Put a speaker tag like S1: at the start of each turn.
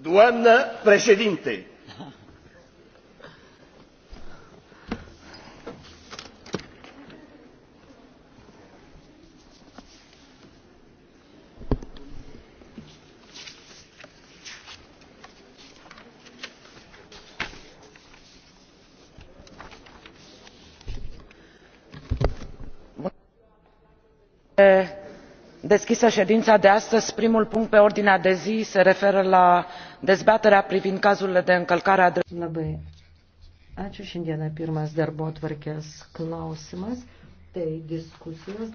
S1: Doamnă președinte,
S2: deschisă ședința de astăzi primul punct pe ordinea de zi se referă la dezbaterea
S3: privind cazurile de încălcare a drepturilor
S4: Ačiū šiandieną pirmas darbo tvarkės klausimas, tai diskusijos